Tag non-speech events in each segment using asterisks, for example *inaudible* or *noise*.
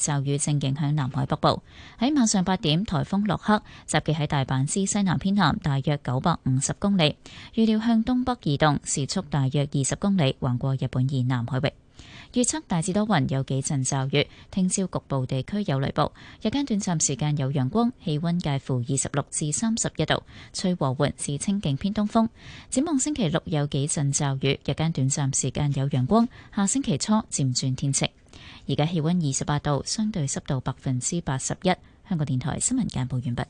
驟雨正影響南海北部，喺晚上八點，颱風洛克集結喺大阪之西南偏南大約九百五十公里，預料向東北移動，時速大約二十公里，橫過日本以南海域。預測大致多雲，有幾陣驟雨，聽朝局部地區有雷暴，日間短暫時間有陽光，氣溫介乎二十六至三十一度，吹和緩至清勁偏東風。展望星期六有幾陣驟雨，日間短暫時間有陽光，下星期初漸轉天晴。而家氣溫二十八度，相對濕度百分之八十一。香港電台新聞簡報完畢。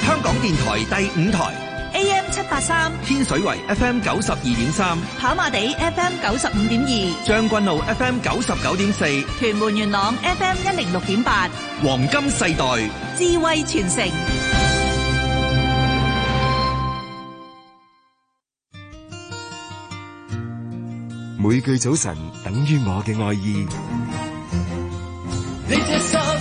香港電台第五台。八三天水圍 FM 九十二點三，跑馬地 FM 九十五點二，將軍澳 FM 九十九點四，屯門元朗 FM 一零六點八，黃金世代，智慧傳承，每句早晨等於我嘅愛意。你這心。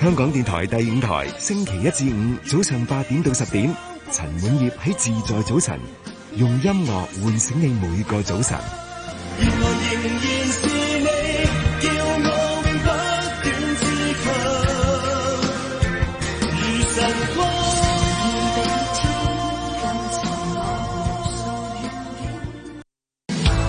香港電台第五台，星期一至五早上八點到十點，陳滿業喺自在早晨，用音樂喚醒你每個早晨。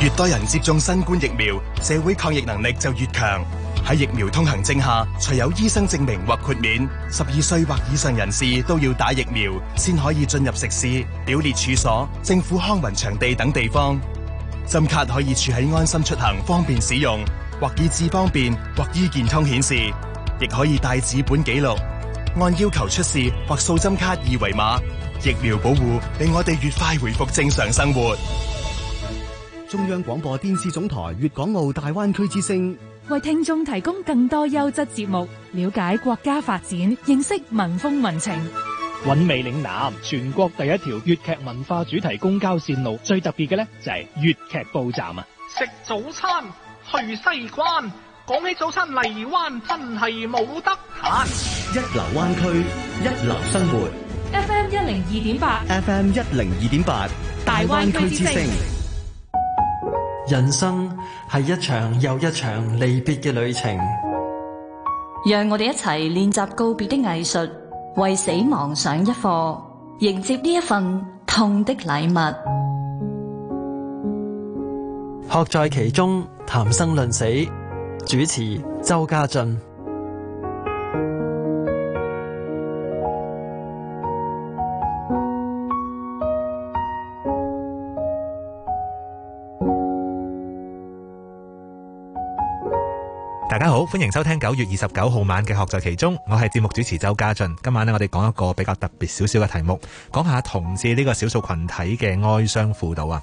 越多人接種新冠疫苗，社會抗疫能力就越強。喺疫苗通行證下，除有醫生證明或豁免，十二歲或以上人士都要打疫苗，先可以進入食肆、表列處所、政府康文場地等地方。針卡可以儲喺安心出行，方便使用，或以智方便，或醫健通顯示，亦可以帶紙本記錄，按要求出示或掃針卡二維碼。疫苗保護令我哋越快回復正常生活。中央廣播電視總台粵港澳大灣區之聲。為聽眾提供更多優質節目，了解國家發展，認識民風民情。韻味嶺南，全國第一條粵劇文化主題公交線路，最特別嘅呢，就係粵劇報站啊！食早餐去西關，講起早餐荔灣真係冇得彈。啊、一流灣區，一流生活。一流 FM 一零二點八，FM 一零二點八，大灣區之聲。人生係一場又一場離別嘅旅程，讓我哋一齊練習告別的藝術，為死亡上一課，迎接呢一份痛的禮物。學在其中，談生論死，主持周家俊。好歡迎收聽九月二十九號晚嘅學在其中，我係節目主持周家俊。今晚呢，我哋講一個比較特別少少嘅題目，講下同志呢個少數群體嘅哀傷輔導啊。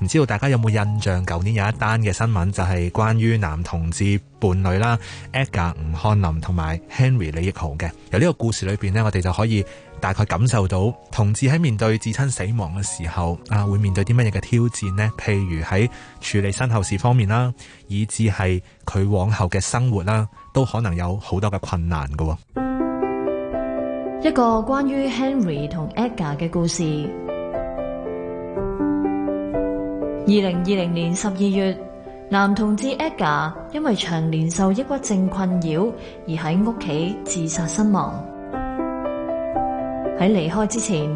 唔知道大家有冇印象？舊年有一單嘅新聞，就係關於男同志伴侶啦 Edgar 吳漢林同埋 Henry 李益豪嘅。由呢個故事裏邊呢，我哋就可以。大概感受到同志喺面對至親死亡嘅時候啊，會面對啲乜嘢嘅挑戰咧？譬如喺處理身後事方面啦，以至係佢往後嘅生活啦，都可能有好多嘅困難嘅、哦。一個關於 Henry 同 Edgar 嘅故事。二零二零年十二月，男同志 Edgar 因為長年受抑鬱症困擾而喺屋企自殺身亡。喺離開之前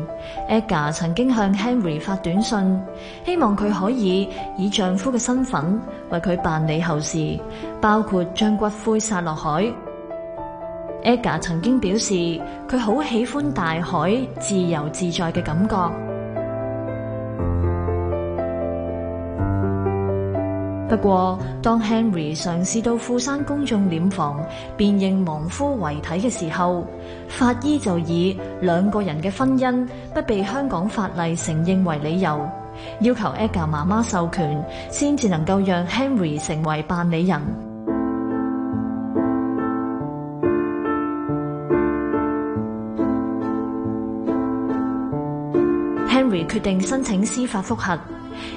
Edgar 曾經向 Henry 發短信，希望佢可以以丈夫嘅身份為佢辦理後事，包括將骨灰撒落海。Edgar 曾經表示，佢好喜歡大海自由自在嘅感覺。不過，當 Henry 嘗試到富山公眾殮房辨認亡夫遺體嘅時候，法醫就以兩個人嘅婚姻不被香港法例承認為理由，要求 Edgar 媽媽授權，先至能夠讓 Henry 成為辦理人。Henry 決定申請司法複核。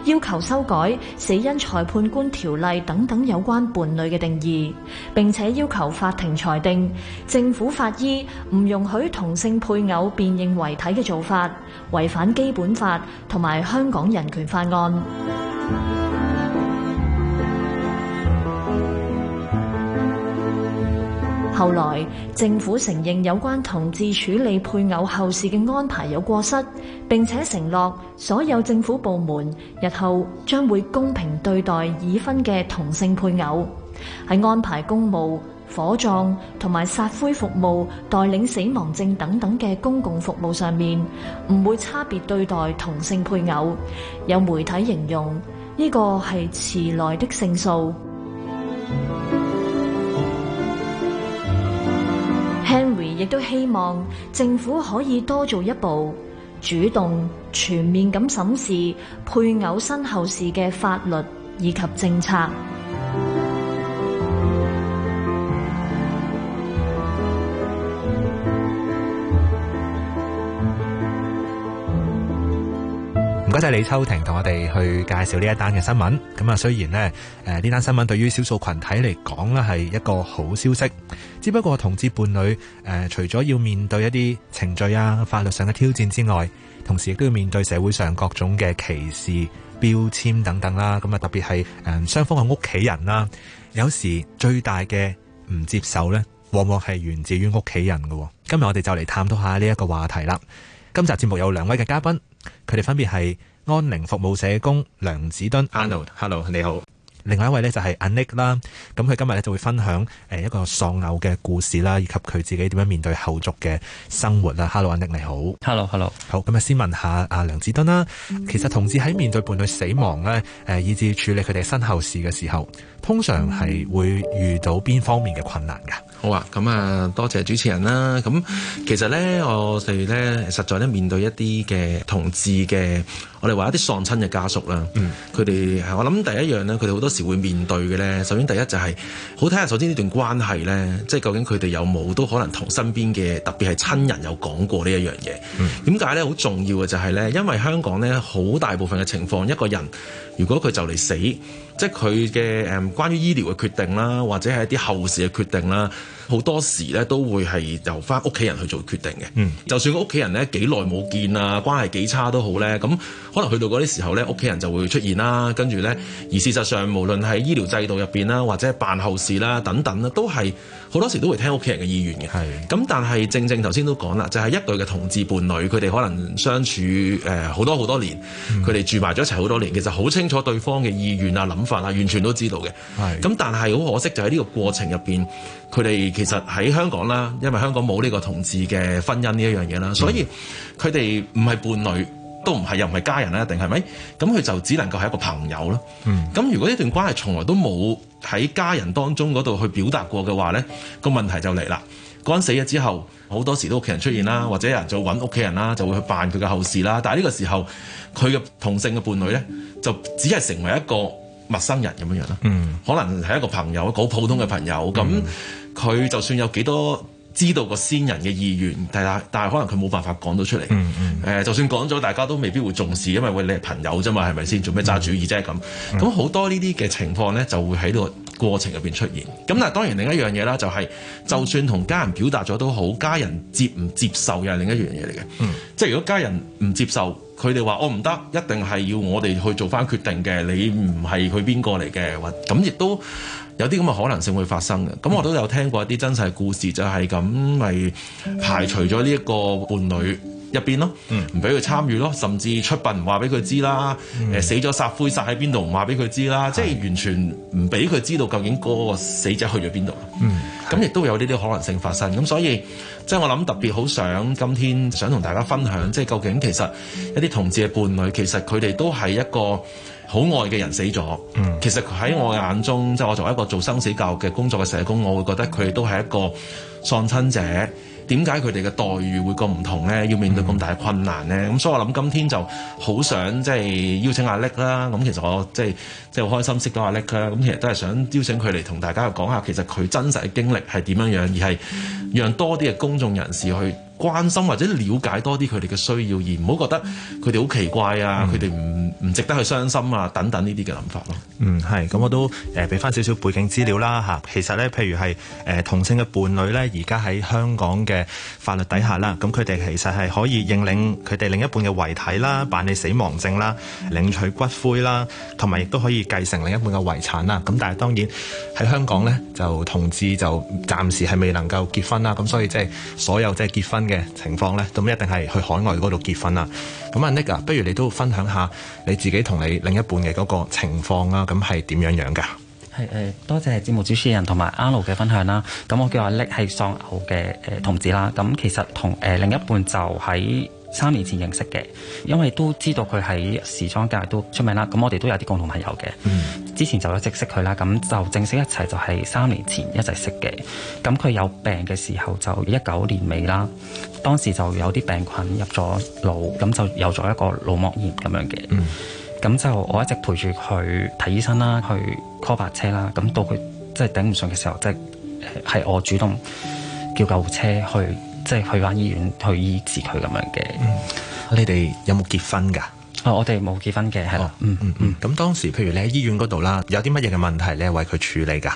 要求修改死因裁判官條例等等有關伴侶嘅定義，並且要求法庭裁定政府法醫唔容許同性配偶辨認遺體嘅做法違反基本法同埋香港人權法案。後來政府承認有關同志處理配偶後事嘅安排有過失，並且承諾所有政府部門日後將會公平對待已婚嘅同性配偶，喺安排公務、火葬同埋撒灰服務、帶領死亡證等等嘅公共服務上面，唔會差別對待同性配偶。有媒體形容呢個係遲來的勝訴。Henry 亦都希望政府可以多做一步，主動全面咁審視配偶身後事嘅法律以及政策。唔該晒李秋婷同我哋去介紹呢一單嘅新聞。咁啊，雖然咧，誒呢單新聞對於少數群體嚟講咧係一個好消息。只不過同志伴侶誒，除咗要面對一啲程序啊、法律上嘅挑戰之外，同時亦都要面對社會上各種嘅歧視、標籤等等啦。咁啊，特別係誒雙方嘅屋企人啦，有時最大嘅唔接受呢，往往係源自於屋企人嘅。今日我哋就嚟探討下呢一個話題啦。今集節目有兩位嘅嘉賓。佢哋分別係安寧服務社工梁梓敦，Hello，Hello，你好。另外一位呢就係阿 Nick 啦，咁佢今日呢就會分享誒一個喪偶嘅故事啦，以及佢自己點樣面對後續嘅生活啊。Hello，阿 Nick，你好。Hello，Hello，hello. 好。咁啊，先問下阿梁梓敦啦，其實同志喺面對伴侶死亡呢，誒，以至處理佢哋身後事嘅時候，通常係會遇到邊方面嘅困難？.好啊，咁啊，多謝主持人啦、啊。咁其實咧，我哋咧實在咧面對一啲嘅同志嘅，我哋話一啲喪親嘅家屬啦。佢哋、嗯、我諗第一樣咧，佢哋好多時會面對嘅咧，首先第一就係、是、好睇下首先呢段關係咧，即係究竟佢哋有冇都可能同身邊嘅特別係親人有講過呢一樣嘢。嗯，點解咧好重要嘅就係、是、咧，因為香港咧好大部分嘅情況，一個人。如果佢就嚟死，即係佢嘅誒關於醫療嘅決定啦，或者係一啲後事嘅決定啦。好多時咧都會係由翻屋企人去做決定嘅，嗯，就算屋企人咧幾耐冇見啊，關係幾差都好咧，咁可能去到嗰啲時候咧，屋企人就會出現啦，跟住咧，而事實上無論喺醫療制度入邊啦，或者係辦後事啦等等啦，都係好多時都會聽屋企人嘅意願嘅，係的。咁但係正正頭先都講啦，就係、是、一對嘅同志伴侶，佢哋可能相處誒、呃、好多好多年，佢哋、嗯、住埋咗一齊好多年，其實好清楚對方嘅意願啊、諗法啊，完全都知道嘅，係的。咁的但係好可惜，就喺呢個過程入邊。佢哋其實喺香港啦，因為香港冇呢個同志嘅婚姻呢一樣嘢啦，所以佢哋唔係伴侶，都唔係又唔係家人啦，一定係咪？咁佢就只能夠係一個朋友咯。嗯。咁如果呢段關係從來都冇喺家人當中嗰度去表達過嘅話，呢個問題就嚟啦。嗰人死咗之後，好多時都屋企人出現啦，或者有人就揾屋企人啦，就會去辦佢嘅後事啦。但係呢個時候，佢嘅同性嘅伴侶呢，就只係成為一個陌生人咁樣樣啦。嗯。可能係一個朋友，好普通嘅朋友咁。嗯嗯佢就算有幾多知道個先人嘅意願，但係但係可能佢冇辦法講到出嚟。誒、嗯嗯呃，就算講咗，大家都未必會重視，因為喂你係朋友啫嘛，係咪先？做咩揸主意啫咁？咁好、嗯、多呢啲嘅情況咧，就會喺呢個過程入邊出現。咁、嗯、但係當然另一樣嘢啦，就係、嗯、就算同家人表達咗都好，家人接唔接受又係另一樣嘢嚟嘅。嗯、即係如果家人唔接受，佢哋話我唔得，一定係要我哋去做翻決定嘅。你唔係佢邊個嚟嘅，咁亦都。有啲咁嘅可能性會發生嘅，咁我都有聽過一啲真實故事，就係咁，咪排除咗呢一個伴侶入邊咯，唔俾佢參與咯，甚至出殯唔話俾佢知啦，誒、嗯呃、死咗撒灰撒喺邊度唔話俾佢知啦，即係、嗯、完全唔俾佢知道究竟嗰個死者去咗邊度。咁亦、嗯、都有呢啲可能性發生。咁所以即係、就是、我諗特別好想今天想同大家分享，即、就、係、是、究竟其實一啲同志嘅伴侶，其實佢哋都係一個。好愛嘅人死咗，其實喺我眼中，即係我作為一個做生死教育嘅工作嘅社工，我會覺得佢哋都係一個喪親者。點解佢哋嘅待遇會咁唔同咧？要面對咁大嘅困難咧？咁 *noise* 所以我諗今天就好想即係邀請阿叻啦。咁其實我即係即係好開心識到阿叻啦。咁其實都係想邀請佢嚟同大家講下，其實佢真實嘅經歷係點樣樣，而係讓多啲嘅公眾人士去。關心或者了解多啲佢哋嘅需要，而唔好覺得佢哋好奇怪啊，佢哋唔唔值得去傷心啊等等呢啲嘅諗法咯。嗯，係，咁我都誒俾翻少少背景資料啦嚇。其實呢，譬如係誒同性嘅伴侶呢，而家喺香港嘅法律底下啦，咁佢哋其實係可以認領佢哋另一半嘅遺體啦，辦理死亡證啦，領取骨灰啦，同埋亦都可以繼承另一半嘅遺產啦。咁但係當然喺香港呢，就同志就暫時係未能夠結婚啦。咁所以即係所有即係結婚嘅情況呢，咁一定係去海外嗰度結婚啦。咁阿 Nick 啊，不如你都分享下你自己同你另一半嘅嗰個情況啊？咁係點樣樣噶？係誒、呃，多謝節目主持人同埋阿盧嘅分享啦。咁我叫阿 Nick 係喪偶嘅誒同志啦。咁其實同誒、呃、另一半就喺三年前認識嘅，因為都知道佢喺時裝界都出名啦。咁我哋都有啲共同朋友嘅。嗯。之前就一直識佢啦，咁就正式一齊就係三年前一齊識嘅。咁佢有病嘅時候就一九年尾啦，當時就有啲病菌入咗腦，咁就有咗一個腦膜炎咁樣嘅。咁、嗯、就我一直陪住佢睇醫生啦，去 call 白車啦。咁到佢即係頂唔順嘅時候，即、就、係、是、我主動叫救護車去，即、就、係、是、去翻醫院去醫治佢咁樣嘅、嗯。你哋有冇結婚㗎？啊、哦！我哋冇結婚嘅，係咯、哦嗯。嗯嗯嗯。咁當時，譬如你喺醫院嗰度啦，有啲乜嘢嘅問題，你係為佢處理㗎？誒、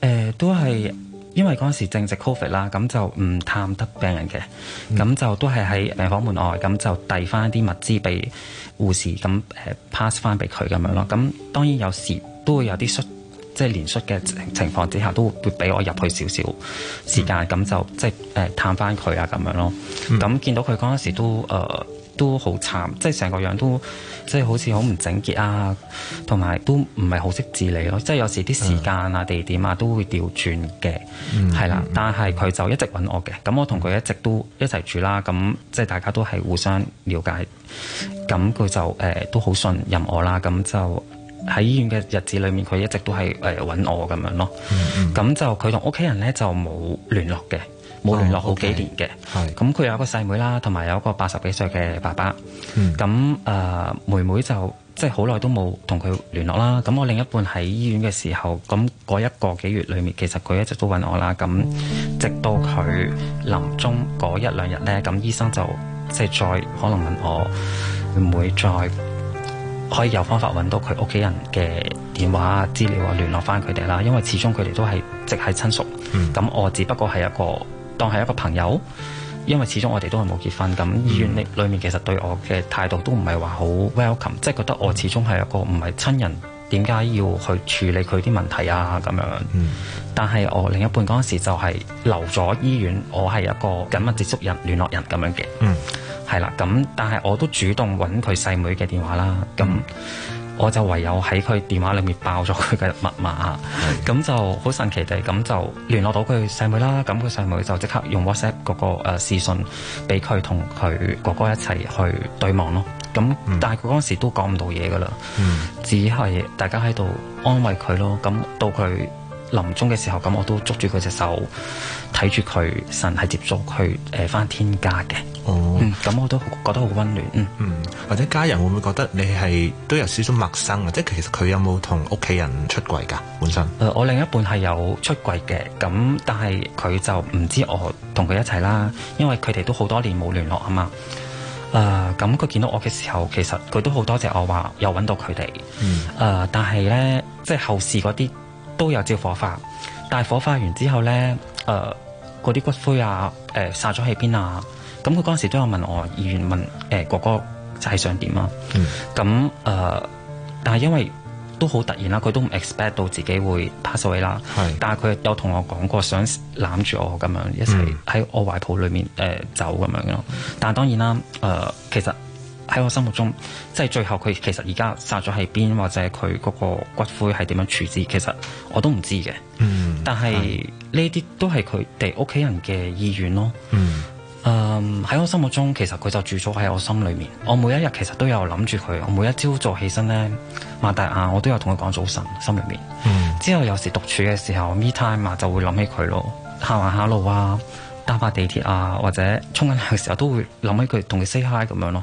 呃，都係因為嗰陣時正值 Covid 啦，咁就唔探得病人嘅，咁、嗯、就都係喺病房門外，咁就遞翻啲物資俾護士，咁誒 pass 翻俾佢咁樣咯。咁、呃、當然有時都會有啲疏，即係連率嘅情情況之下，都會俾我入去少少時間，咁、嗯、就即係誒探翻佢啊咁樣咯。咁、嗯、見到佢嗰陣時都誒。呃呃都好慘，即係成個樣都即係好似好唔整潔啊，同埋都唔係好識自理咯、啊，即係有時啲時間啊、Yeah. 地點啊都會調轉嘅，係啦、mm hmm.。但係佢就一直揾我嘅，咁我同佢一直都一齊住啦，咁即係大家都係互相了解，咁佢就誒、呃、都好信任我啦，咁就喺醫院嘅日子裏面，佢一直都係誒揾我咁樣咯，咁、mm hmm. 就佢同屋企人呢，就冇聯絡嘅。冇聯絡好幾年嘅，咁佢、oh, okay. 有個細妹,妹啦，同埋有個八十幾歲嘅爸爸。咁誒、mm. 呃，妹妹就即係好耐都冇同佢聯絡啦。咁我另一半喺醫院嘅時候，咁嗰一個幾月裏面，其實佢一直都揾我啦。咁直到佢臨終嗰一兩日呢，咁醫生就即係、就是、再可能問我，會唔會再可以有方法揾到佢屋企人嘅電話啊、資料啊，聯絡返佢哋啦？因為始終佢哋都係直係親屬，咁、mm. 我只不過係一個。當係一個朋友，因為始終我哋都係冇結婚，咁醫院呢裏面其實對我嘅態度都唔係話好 welcome，即係覺得我始終係一個唔係親人，點解要去處理佢啲問題啊？咁樣，嗯、但係我另一半嗰時就係留咗醫院，我係一個緊密接觸人、聯絡人咁樣嘅，係啦、嗯，咁但係我都主動揾佢細妹嘅電話啦，咁。嗯我就唯有喺佢電話裡面爆咗佢嘅密碼，咁的就好神奇地咁就聯絡到佢細妹啦。咁佢細妹就即刻用 WhatsApp 嗰、嗰個私信、呃、訊俾佢同佢哥哥一齊去對望咯。咁、嗯、但係佢嗰陣時都講唔到嘢㗎啦，嗯、只係大家喺度安慰佢咯。咁到佢。臨終嘅時候咁，我都捉住佢隻手，睇住佢神係接觸去誒翻天家嘅。哦，咁、嗯、我都覺得好溫暖。嗯嗯，或者家人會唔會覺得你係都有少少陌生啊？即係其實佢有冇同屋企人出軌㗎本身？誒、呃，我另一半係有出軌嘅，咁但係佢就唔知我同佢一齊啦，因為佢哋都好多年冇聯絡啊嘛。啊、嗯，咁佢、呃、見到我嘅時候，其實佢都好多謝我話又揾到佢哋。嗯。誒、呃，但係咧，即係後事嗰啲。都有照火化，但係火化完之後呢，誒、呃，嗰啲骨灰啊，誒、呃，撒咗喺邊啊，咁佢嗰陣時都有問我，議員問誒、呃、哥哥係想點啊，咁誒、嗯呃，但係因為都好突然啦，佢都唔 expect 到自己會 pass away 啦是，但係佢有同我講過想攬住我咁樣一齊喺我懷抱裏面誒、呃、走咁樣咯，但係當然啦，誒、呃，其實。喺我心目中，即係最後佢其實而家葬咗喺邊，或者佢嗰個骨灰係點樣處置，其實我都唔知嘅。嗯，但係呢啲都係佢哋屋企人嘅意願咯。嗯，誒，喺我心目中，其實佢就住咗喺我心裏面。我每一日其實都有諗住佢，我每一朝早起身咧，擘大眼我都有同佢講早晨，心裏面。嗯，之後有時獨處嘅時候，me time 啊，就會諗起佢咯。行行下路啊。搭下地鐵啊，或者衝緊涼嘅時候都會諗起佢，同佢 say hi 咁樣咯。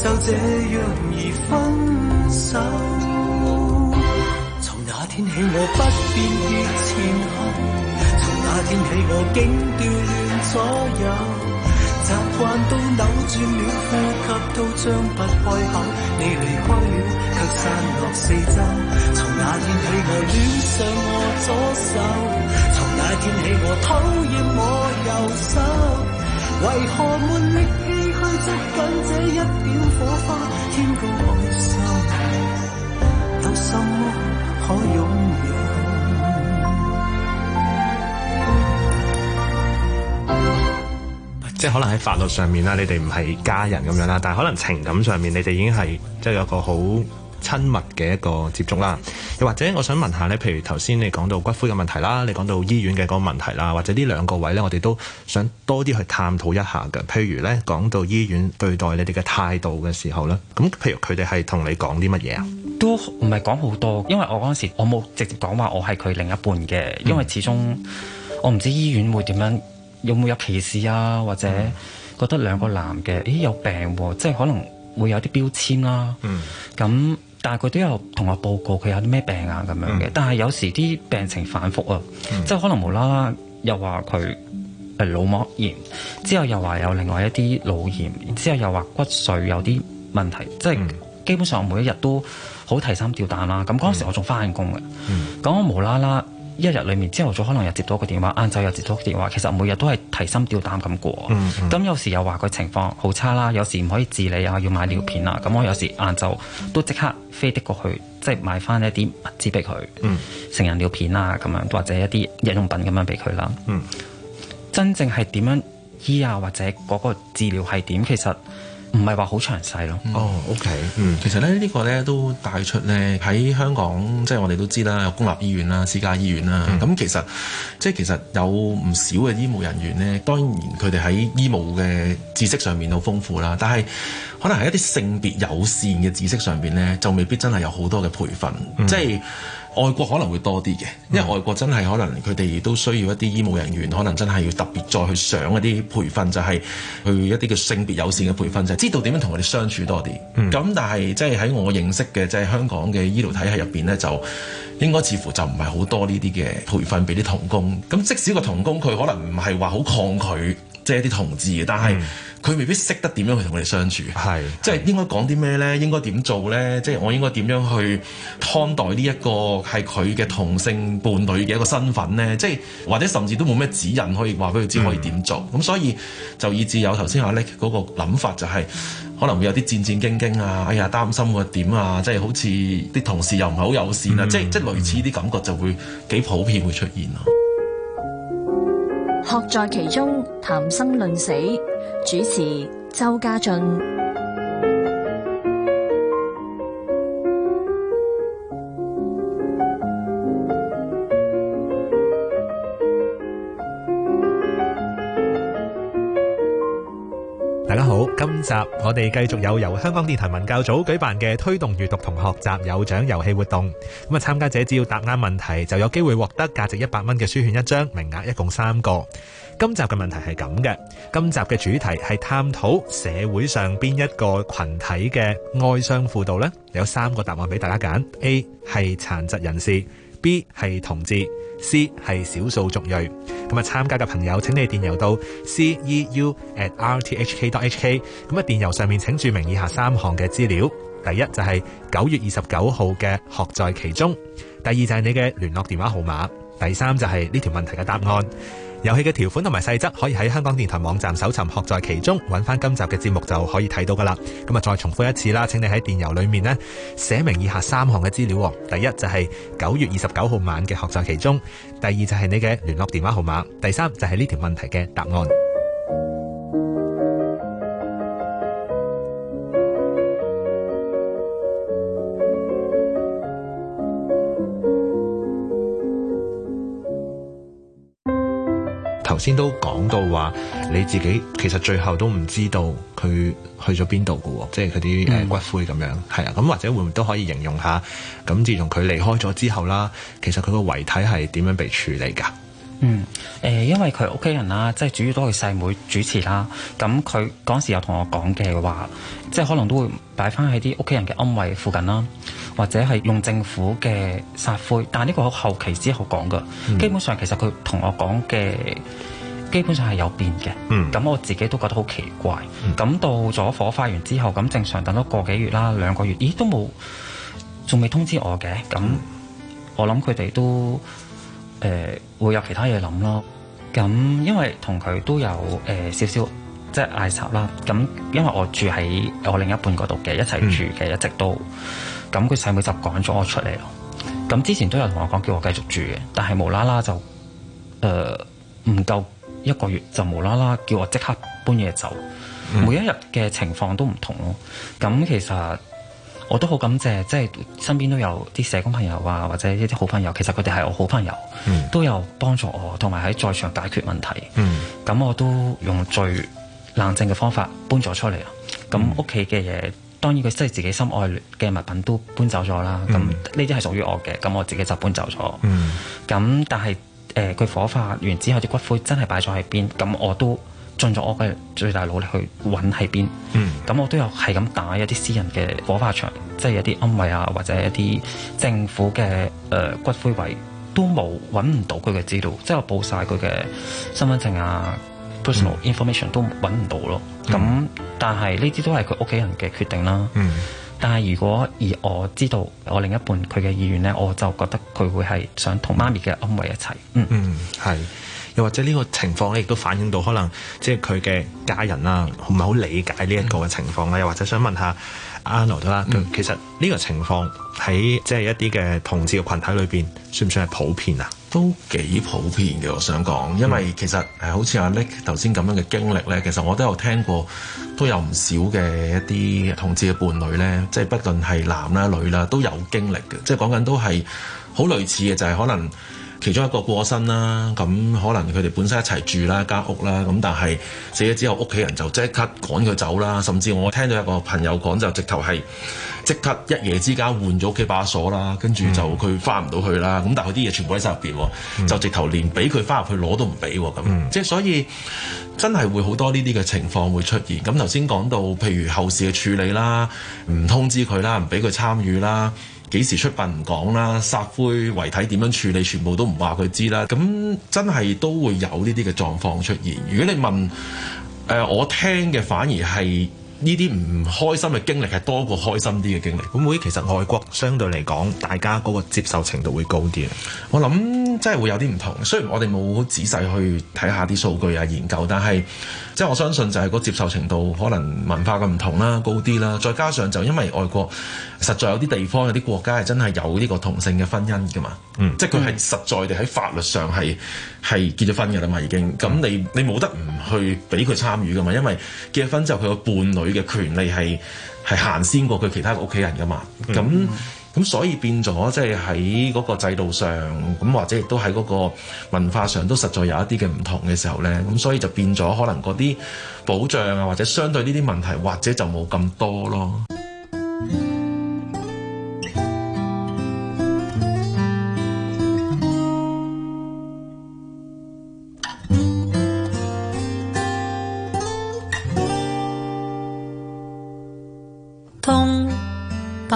就這樣易分手。從那天起我不辨別前後，從那天起我竟調亂左右，習慣都扭轉了，呼吸都張不開口。你離開了，卻散落四周。從那天起我戀上我左手，從那天起我討厭我右手，為何沒力？即係可能喺法律上面啦，你哋唔係家人咁樣啦，但係可能情感上面，你哋已經係即係有個好。親密嘅一個接觸啦，又或者我想問下咧，譬如頭先你講到骨灰嘅問題啦，你講到醫院嘅嗰個問題啦，或者呢兩個位咧，我哋都想多啲去探討一下嘅。譬如咧，講到醫院對待你哋嘅態度嘅時候咧，咁譬如佢哋係同你講啲乜嘢啊？都唔係講好多，因為我嗰陣時我冇直接講話我係佢另一半嘅，嗯、因為始終我唔知醫院會點樣，有冇有歧視啊，或者覺得兩個男嘅，咦有病喎、啊，即係可能會有啲標籤啦、啊。嗯，咁。但係佢都有同我報告佢有啲咩病啊咁樣嘅，但係有時啲病情反覆啊，嗯、即係可能無啦啦又話佢係腦膜炎，之後又話有另外一啲腦炎，之後又話骨髓有啲問題，嗯、即係基本上我每一日都好提心吊膽啦、啊。咁嗰陣時我仲翻緊工嘅，咁、嗯、我無啦啦。一日裡面，朝頭早可能又接到一個電話，晏晝又接到個電話，其實每日都係提心吊膽咁過。咁、mm hmm. 有時又話個情況好差啦，有時唔可以自理啊，要買尿片啊。咁我有時晏晝都即刻飛的過去，即係買翻一啲物資俾佢，mm hmm. 成人尿片啊咁樣，或者一啲日用品咁樣俾佢啦。Mm hmm. 真正係點樣醫啊，或者嗰個治療係點，其實。唔係話好詳細咯。哦，OK，嗯，其實咧呢個咧都帶出咧喺香港，即係我哋都知啦，有公立醫院啦、私家醫院啦。咁、mm hmm. 其實即係其實有唔少嘅醫務人員咧，當然佢哋喺醫務嘅知識上面好豐富啦。但係可能係一啲性別友善嘅知識上邊咧，就未必真係有好多嘅培訓，mm hmm. 即係。外國可能會多啲嘅，因為外國真係可能佢哋都需要一啲醫務人員，可能真係要特別再去上一啲培訓，就係、是、去一啲嘅性別友善嘅培訓，就係、是、知道點樣同佢哋相處多啲。咁、嗯、但係即係喺我認識嘅即係香港嘅醫療體系入邊呢，就應該似乎就唔係好多呢啲嘅培訓俾啲同工。咁即使個同工佢可能唔係話好抗拒即係一啲同志嘅，但係，嗯佢未必識得點樣去同佢哋相處，係即係應該講啲咩咧？應該點做咧？即係我應該點樣去看待呢一個係佢嘅同性伴侶嘅一個身份咧？即係或者甚至都冇咩指引可以話俾佢知可以點做。咁、嗯嗯、所以就以至有頭先話咧嗰個諗法就係、是、可能會有啲戰戰兢兢啊，哎呀，擔心個點啊，即係好似啲同事又唔係好友善啊，嗯、即係即係類似啲感覺就會幾普遍會出現咯。嗯、學在其中，談生論死。主持周家俊，大家好，今集我哋繼續有由香港電台文教組舉辦嘅推動閱讀同學習有獎遊戲活動。咁啊，參加者只要答啱問題，就有機會獲得價值一百蚊嘅書券一張，名額一共三個。今集嘅問題係咁嘅，今集嘅主題係探討社會上邊一個群體嘅哀傷輔導呢？有三個答案俾大家揀：A 係殘疾人士，B 係同志，C 係少數族裔。咁啊，參加嘅朋友，請你電郵到 c e u at r t h k dot h k。咁啊，電郵上面請注明以下三項嘅資料：第一就係九月二十九號嘅學在其中；第二就係你嘅聯絡電話號碼；第三就係呢條問題嘅答案。遊戲嘅條款同埋細則可以喺香港電台網站搜尋《學在其中》，揾翻今集嘅節目就可以睇到噶啦。咁啊，再重複一次啦，請你喺電郵裏面呢寫明以下三項嘅資料：第一就係九月二十九號晚嘅《學在其中》，第二就係你嘅聯絡電話號碼，第三就係呢條問題嘅答案。頭先都講到話你自己其實最後都唔知道佢去咗邊度嘅喎，即係佢啲骨灰咁樣，係啊、嗯，咁或者會唔會都可以形容下？咁自從佢離開咗之後啦，其實佢個遺體係點樣被處理㗎？嗯，誒、呃，因為佢屋企人啦，即係主要都係細妹主持啦，咁佢嗰時有同我講嘅話，即係可能都會擺翻喺啲屋企人嘅安慰附近啦。或者係用政府嘅撒灰，但係呢個好後期之後講嘅，嗯、基本上其實佢同我講嘅基本上係有變嘅。咁、嗯、我自己都覺得好奇怪。咁、嗯、到咗火化完之後，咁正常等咗個幾月啦，兩個月，咦都冇，仲未通知我嘅。咁、嗯、我諗佢哋都誒、呃、會有其他嘢諗咯。咁因為同佢都有誒、呃、少少即係嗌交啦。咁因為我住喺我另一半嗰度嘅，一齊住嘅，一直都。咁佢細妹就趕咗我出嚟咯。咁之前都有同我講叫我繼續住嘅，但係無啦啦就誒唔夠一個月就無啦啦叫我即刻搬嘢走。嗯、每一日嘅情況都唔同咯。咁其實我都好感謝，即係身邊都有啲社工朋友啊，或者一啲好朋友。其實佢哋係我好朋友，嗯、都有幫助我，同埋喺在場解決問題。咁、嗯、我都用最冷靜嘅方法搬咗出嚟啦。咁屋企嘅嘢。當然佢真係自己心愛嘅物品都搬走咗啦，咁呢啲係屬於我嘅，咁我自己就搬走咗。咁、嗯、但係誒，佢、呃、火化完之後啲骨灰真係擺咗喺邊，咁我都盡咗我嘅最大努力去揾喺邊。咁、嗯、我都有係咁打一啲私人嘅火化場，即、就、係、是、一啲安慰啊，或者一啲政府嘅誒、呃、骨灰位都冇揾唔到佢嘅資料，即、就、係、是、我報晒佢嘅身份證啊。Personal information，嗯、都揾唔到咯，咁、嗯、但係呢啲都係佢屋企人嘅決定啦。嗯、但係如果而我知道我另一半佢嘅意願咧，嗯、我就覺得佢會係想同媽咪嘅安慰一齊，嗯嗯，係。又或者呢個情況咧，亦都反映到可能即係佢嘅家人啦、啊，唔係好理解呢一個嘅情況啦，嗯、又或者想問下 Arnold 啦、啊，嗯、佢其實呢個情況。喺即係一啲嘅同志嘅群體裏邊，算唔算係普遍啊？都幾普遍嘅，我想講，因為其實誒好似阿 Nick 頭先咁樣嘅經歷咧，其實我都有聽過，都有唔少嘅一啲同志嘅伴侶咧，即係不論係男啦、女啦，都有經歷嘅，即係講緊都係好類似嘅，就係可能，其中一個過身啦，咁可能佢哋本身一齊住啦，間屋啦，咁但係死咗之後，屋企人就即刻趕佢走啦，甚至我聽到一個朋友講就直頭係即刻一夜之間換咗屋企把鎖啦，跟住就佢翻唔到去啦，咁、嗯、但佢啲嘢全部喺晒入邊，嗯、就直頭連俾佢翻入去攞都唔俾咁，即係、嗯、所以真係會好多呢啲嘅情況會出現。咁頭先講到譬如後事嘅處理啦，唔通知佢啦，唔俾佢參與啦。幾時出殯唔講啦，殺灰遺體點樣處理，全部都唔話佢知啦。咁真係都會有呢啲嘅狀況出現。如果你問，誒、呃、我聽嘅反而係呢啲唔開心嘅經歷係多過開心啲嘅經歷。咁會其實外國相對嚟講，大家嗰個接受程度會高啲。我諗真係會有啲唔同。雖然我哋冇仔細去睇下啲數據啊、研究，但係即係我相信就係個接受程度可能文化嘅唔同啦，高啲啦。再加上就因為外國。實在有啲地方有啲國家係真係有呢個同性嘅婚姻㗎嘛，嗯，即係佢係實在地喺法律上係係結咗婚㗎啦嘛已經，咁、嗯、你你冇得唔去俾佢參與㗎嘛？因為結咗婚之後佢個伴侶嘅權利係係行先過佢其他屋企人㗎嘛，咁咁、嗯、所以變咗即係喺嗰個制度上，咁或者亦都喺嗰個文化上都實在有一啲嘅唔同嘅時候咧，咁所以就變咗可能嗰啲保障啊，或者相對呢啲問題，或者就冇咁多咯。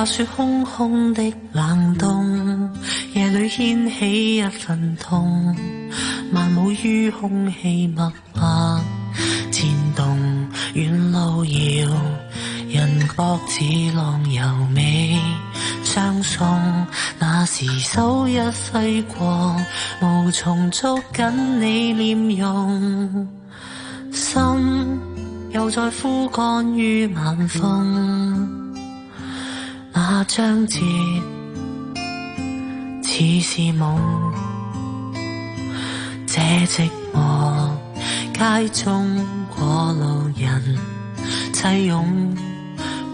白雪空空的冷冬，夜裡掀起一份痛。漫舞於空氣脈脈顫動，遠路遙，人各似浪遊美相送。那時手一揮過，無從捉緊你臉容，心又再枯乾於晚風。那章節似是夢，這寂寞街中過路人，擠擁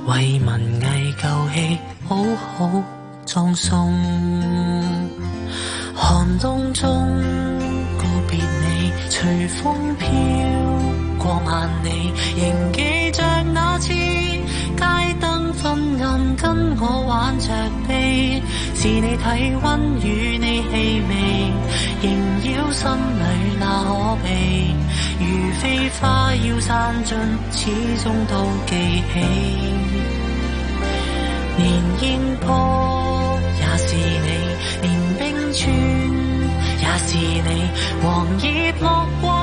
為文藝舊戲好好葬送。寒冬中告別你，隨風飄過萬里，仍記着那次街燈。昏暗跟我挽着臂，是你體溫與你氣味，縈繞心裏那可悲，如飛花要散盡，始終都記起。連煙波也是你，連冰川也是你，黃葉落光。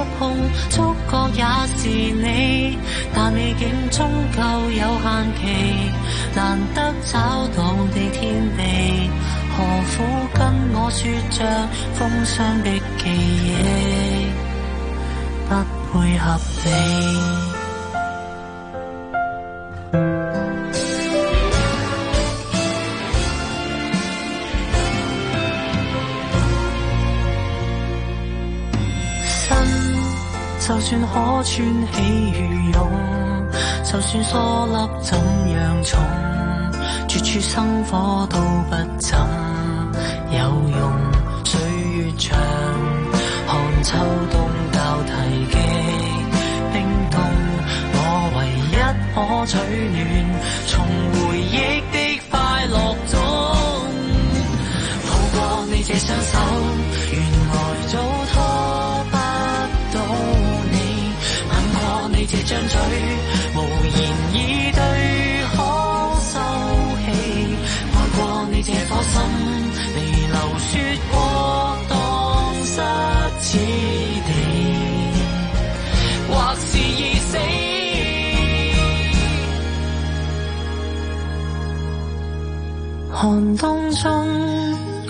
觸碰，觸覺也是你，但美景終究有限期，難得找到你天地，何苦跟我說着風霜的記憶，不配合你。就算可穿起羽絨，就算疏粒怎樣重，絕處生火都不怎有用。歲月長，看秋冬交替嘅冰凍，我唯一可取暖，從回憶。寒冬中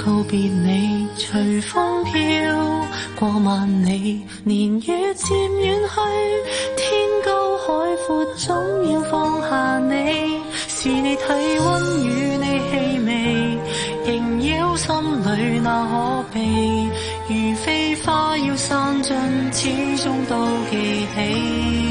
告別你，隨風飄過萬里，年月漸遠去，天高海闊總要放下你。是你體温與你氣味，縈繞心裏那可悲。如飛花要散盡，始終都記起。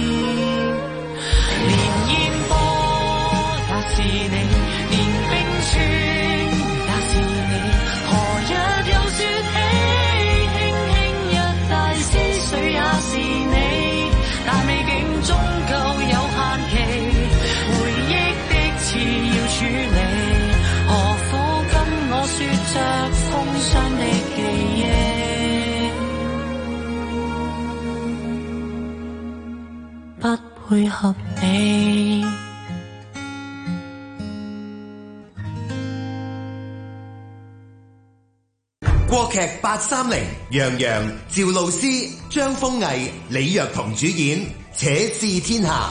配合你，國劇八三零，楊洋、趙露思、張豐毅、李若彤主演，且試天下。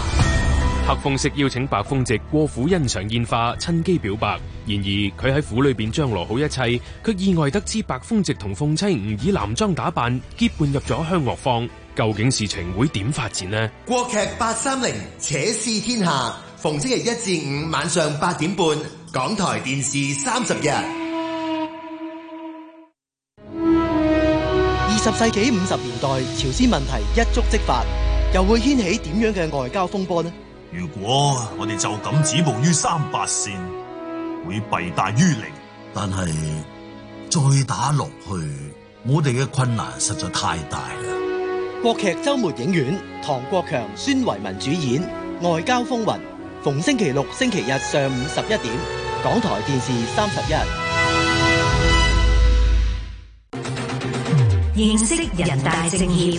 黑鳳息邀請白鳳夕過府欣賞煙花，趁機表白。然而佢喺府裏邊張羅好一切，卻意外得知白鳳夕同鳳卿唔以男裝打扮，結伴入咗香樂坊。究竟事情會點發展呢？國劇八三零，且試天下。逢星期一至五晚上八點半，港台電視三十日。二十世紀五十年代，朝鮮問題一觸即發，又會掀起點樣嘅外交風波呢？如果我哋就咁止步於三八線，會弊大於零。但係再打落去，我哋嘅困難實在太大啦。國劇周末影院，唐國強、孫維民主演《外交風雲》，逢星期六、星期日上午十一點，港台電視三十一。認識人大政協。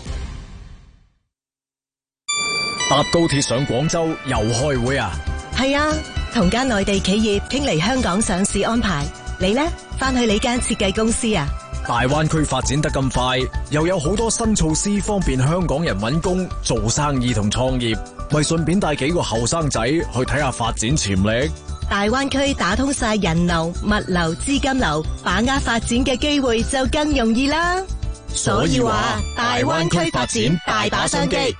搭高鐵上廣州又開會啊！係啊，同間內地企業傾嚟香港上市安排。你呢？翻去你間設計公司啊？大灣區發展得咁快，又有好多新措施方便香港人揾工、做生意同創業，咪順便帶幾個後生仔去睇下發展潛力。大灣區打通晒人流、物流、資金流，把握發展嘅機會就更容易啦。所以話大灣區發展大把商機。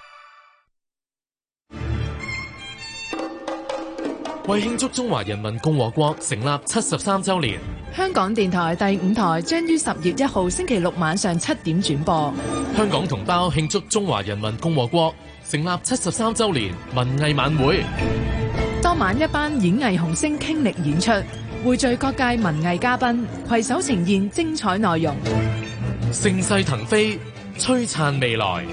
為慶祝中華人民共和國成立七十三周年，香港電台第五台將於十月一號星期六晚上七點轉播香港同胞慶祝中華人民共和國成立七十三周年文藝晚會。當晚一班演藝紅星傾力演出，匯聚各界文藝嘉賓，攜手呈現精彩內容。盛世騰飛，璀璨未來。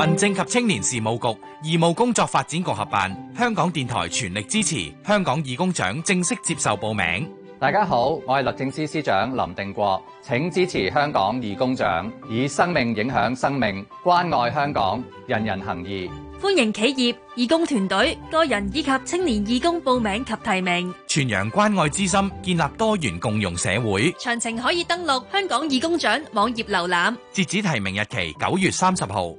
民政及青年事務局義務工作發展局合辦，香港電台全力支持香港義工獎正式接受報名。大家好，我係律政司司長林定國，請支持香港義工獎，以生命影響生命，關愛香港，人人行義。歡迎企業、義工團隊、個人以及青年義工報名及提名，傳揚關愛之心，建立多元共融社會。詳情可以登錄香港義工獎網頁瀏覽。截止提名日期九月三十號。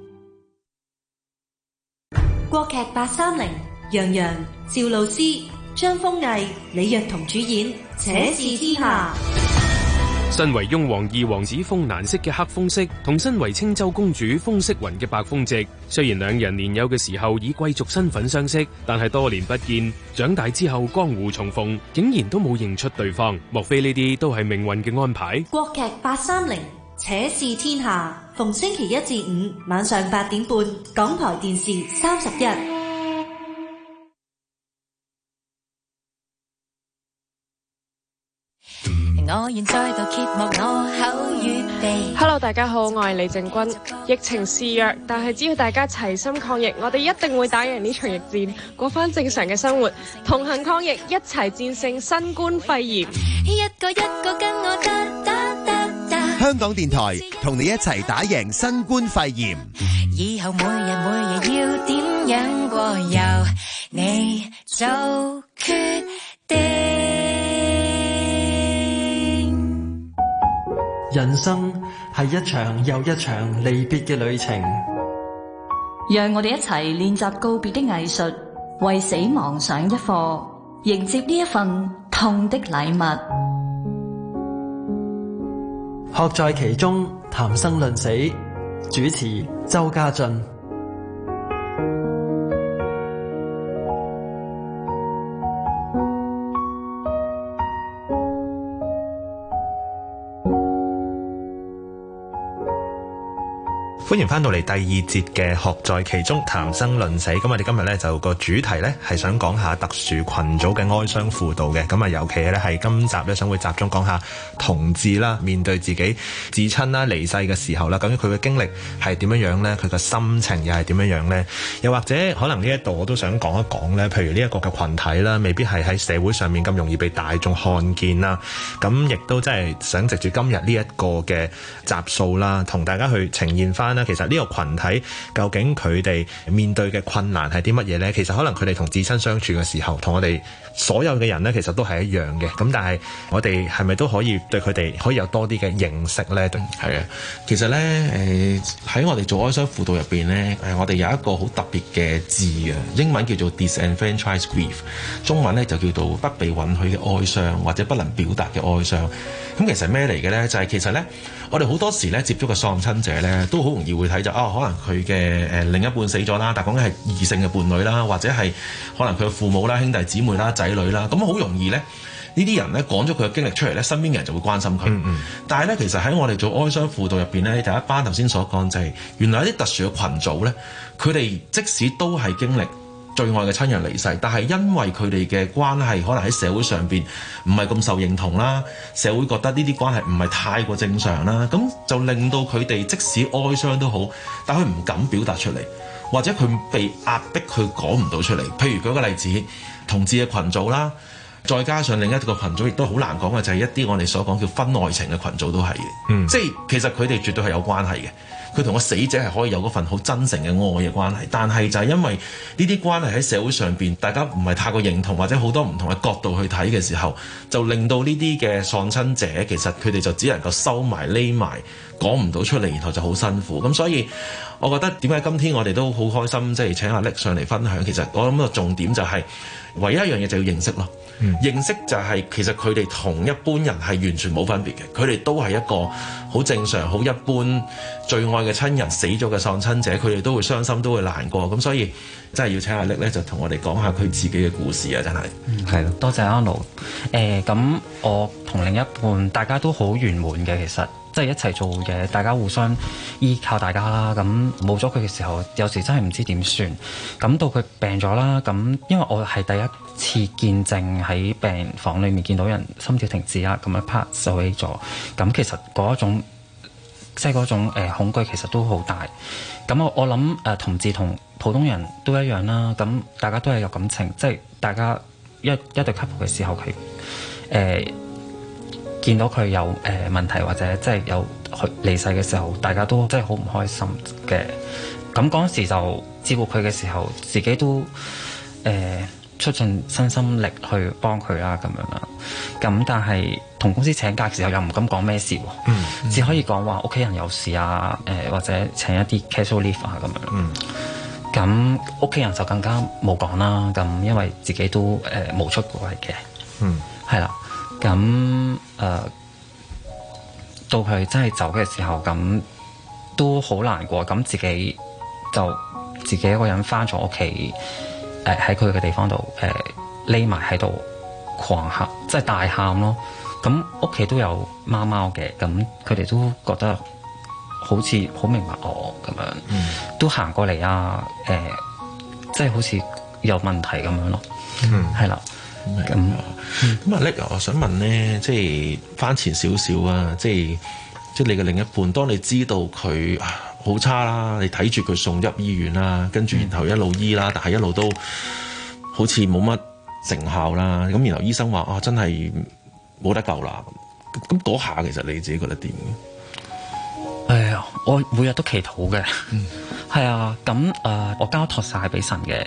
國劇八三零，楊洋、趙露思、張豐毅、李若彤主演《且試天下》。身為雍王二王子豐蘭息嘅黑豐息，同身為青州公主風惜雲嘅白風夕，雖然兩人年幼嘅時候以貴族身份相識，但係多年不見，長大之後江湖重逢，竟然都冇認出對方。莫非呢啲都係命運嘅安排？國劇八三零，《且試天下》。逢星期一至五晚上八點半，港台電視三十一。Hello，大家好，我係李靜君。疫情肆虐，但係只要大家齊心抗疫，我哋一定會打贏呢場疫戰，過翻正常嘅生活。同行抗疫，一齊戰勝新冠肺炎。 *noise* *noise* 香港電台同你一齊打贏新冠肺炎。以後每日每日要點樣過，由你做決定。人生係一場又一場離別嘅旅程，讓我哋一齊練習告別的藝術，為死亡上一課，迎接呢一份痛的禮物。學在其中，談生論死，主持周家俊。歡迎翻到嚟第二節嘅學在其中談生論死。咁我哋今日呢，就個主題呢，係想講下特殊群組嘅哀傷輔導嘅。咁啊，尤其係呢，係今集呢，想會集中講下同志啦，面對自己至親啦離世嘅時候啦，究竟佢嘅經歷係點樣樣呢？佢嘅心情又係點樣樣呢？又或者可能呢一度我都想講一講呢，譬如呢一個嘅群體啦，未必係喺社會上面咁容易被大眾看見啦。咁亦都真係想藉住今日呢一個嘅集數啦，同大家去呈現翻。其實呢個群體究竟佢哋面對嘅困難係啲乜嘢呢？其實可能佢哋同自身相處嘅時候，同我哋所有嘅人呢，其實都係一樣嘅。咁但係我哋係咪都可以對佢哋可以有多啲嘅認識呢？係啊、嗯，其實呢，誒、呃、喺我哋做哀傷輔導入邊呢，誒，我哋有一個好特別嘅字嘅，英文叫做 disenfranchised grief，中文呢就叫做不被允許嘅哀傷或者不能表達嘅哀傷。咁其實咩嚟嘅呢？就係、是、其實呢，我哋好多時呢接觸嘅喪親者呢，都好容易。會睇就啊，可能佢嘅、誒，另一半死咗啦，但係講緊係異性嘅伴侶啦，或者係可能佢嘅父母啦、兄弟姊妹啦、仔女啦，咁好容易咧，呢啲人咧講咗佢嘅經歷出嚟咧，身邊嘅人就會關心佢。嗯嗯，但係咧，其實喺我哋做哀傷輔導入邊咧，第一班頭先所講、就是，就係原來一啲特殊嘅群組咧，佢哋即使都係經歷。最愛嘅親人離世，但係因為佢哋嘅關係可能喺社會上邊唔係咁受認同啦，社會覺得呢啲關係唔係太過正常啦，咁就令到佢哋即使哀傷都好，但佢唔敢表達出嚟，或者佢被壓迫佢講唔到出嚟。譬如舉個例子，同志嘅群組啦，再加上另一個群組亦都好難講嘅就係、是、一啲我哋所講叫婚外情嘅群組都係、嗯、即係其實佢哋絕對係有關係嘅。佢同個死者係可以有嗰份好真誠嘅愛嘅關係，但係就係因為呢啲關係喺社會上邊，大家唔係太過認同，或者好多唔同嘅角度去睇嘅時候，就令到呢啲嘅喪親者其實佢哋就只能夠收埋匿埋。講唔到出嚟，然後就好辛苦。咁所以我覺得點解今天我哋都好開心，即、就、係、是、請阿力上嚟分享。其實我諗個重點就係、是，唯一一樣嘢就要認識咯。嗯、認識就係、是，其實佢哋同一般人係完全冇分別嘅。佢哋都係一個好正常、好一般，最愛嘅親人死咗嘅喪親者，佢哋都會傷心、都會難過。咁所以真係要請阿力呢，就同我哋講下佢自己嘅故事啊！真係，係、嗯、多謝阿盧。誒、呃，咁我同另一半大家都好圓滿嘅，其實。即係一齊做嘢，大家互相依靠大家啦。咁冇咗佢嘅時候，有時真係唔知點算。咁、嗯、到佢病咗啦，咁、嗯、因為我係第一次見證喺病房裏面見到人心跳停止啊，咁一拍收起咗。咁其實嗰一種即係嗰種恐懼，其實，就是呃、其實都好大。咁、嗯、我我諗誒、呃、同志同普通人都一樣啦。咁、嗯、大家都係有感情，即係大家一一對 couple 嘅時候佢。誒、呃。見到佢有誒、呃、問題或者即係有去離世嘅時候，大家都真係好唔開心嘅。咁嗰陣時就照顧佢嘅時候，自己都誒、呃、出盡身心，心力去幫佢啦咁樣啦。咁但係同公司請假嘅時候又唔敢講咩事喎、啊，mm hmm. 只可以講話屋企人有事啊誒、呃、或者請一啲 casual leave 啊咁樣。咁屋企人就更加冇講啦。咁因為自己都誒冇、呃、出過嚟嘅。嗯、mm，係、hmm. 啦。咁誒、呃、到佢真係走嘅時候，咁都好難過。咁自己就自己一個人翻咗屋企，誒喺佢嘅地方度誒匿埋喺度狂喊，即係大喊咯。咁屋企都有貓貓嘅，咁佢哋都覺得好似好明白我咁樣，嗯、都行過嚟啊！誒、呃，即係好似有問題咁樣咯。嗯，係啦。咁啊，咁啊，阿 Nick 我想問咧，即係返前少少啊，即係即係你嘅另一半，當你知道佢啊好差啦，你睇住佢送入醫院啦，跟住然後一路醫啦，但係一路都好似冇乜成效啦，咁然後醫生話啊真係冇得救啦，咁嗰下其實你自己覺得點？我每日都祈禱嘅，係、嗯、 *laughs* 啊，咁誒、呃，我交託晒俾神嘅，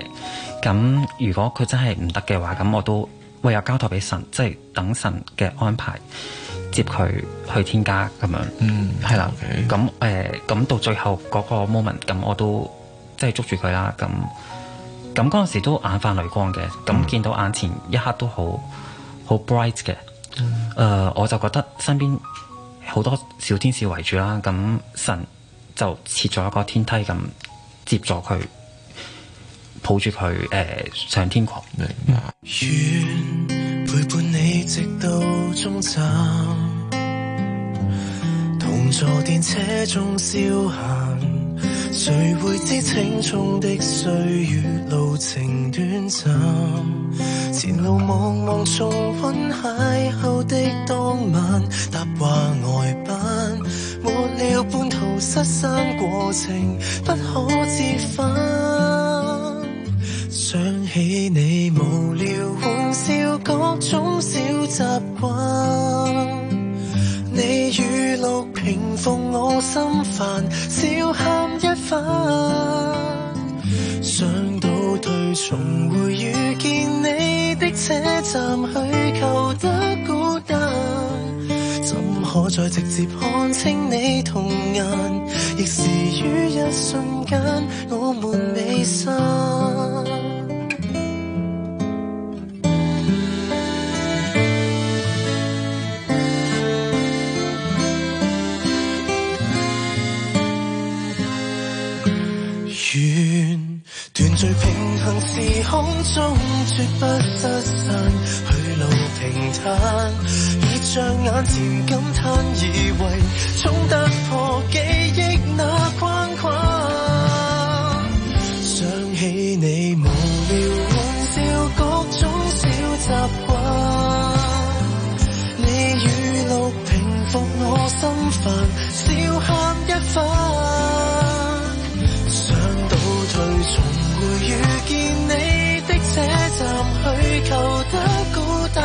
咁如果佢真係唔得嘅話，咁我都唯有交託俾神，即、就、係、是、等神嘅安排、嗯、接佢去天家。咁樣，係啦，咁誒，咁、呃、到最後嗰個 moment，咁我都即係、就是、捉住佢啦，咁咁嗰陣時都眼泛淚光嘅，咁見到眼前一刻都好好 bright 嘅，誒、嗯呃，我就覺得身邊。好多小天使圍住啦，咁神就設咗一個天梯咁接咗佢，抱住佢誒上天國。白願陪伴你直到終站，同坐電車中笑。誰會知青葱的歲月路程短暫？前路茫茫，重溫邂逅的當晚搭話外班，沒了半途失散過程，不可折返。想起你無聊玩笑各種小習慣。你語錄平復我心煩，笑喊一番。想倒退重回遇見你的車站，虛構得孤單，怎可再直接看清你瞳眼？亦是於一瞬間，我們未散。中絕不失散，去路平坦，已向眼前感嘆，以為衝得破記憶那框框。想起你無聊玩笑，各種小習慣，你語錄平復我心煩，笑喊一番。想倒退，從會遇見。追求得孤單，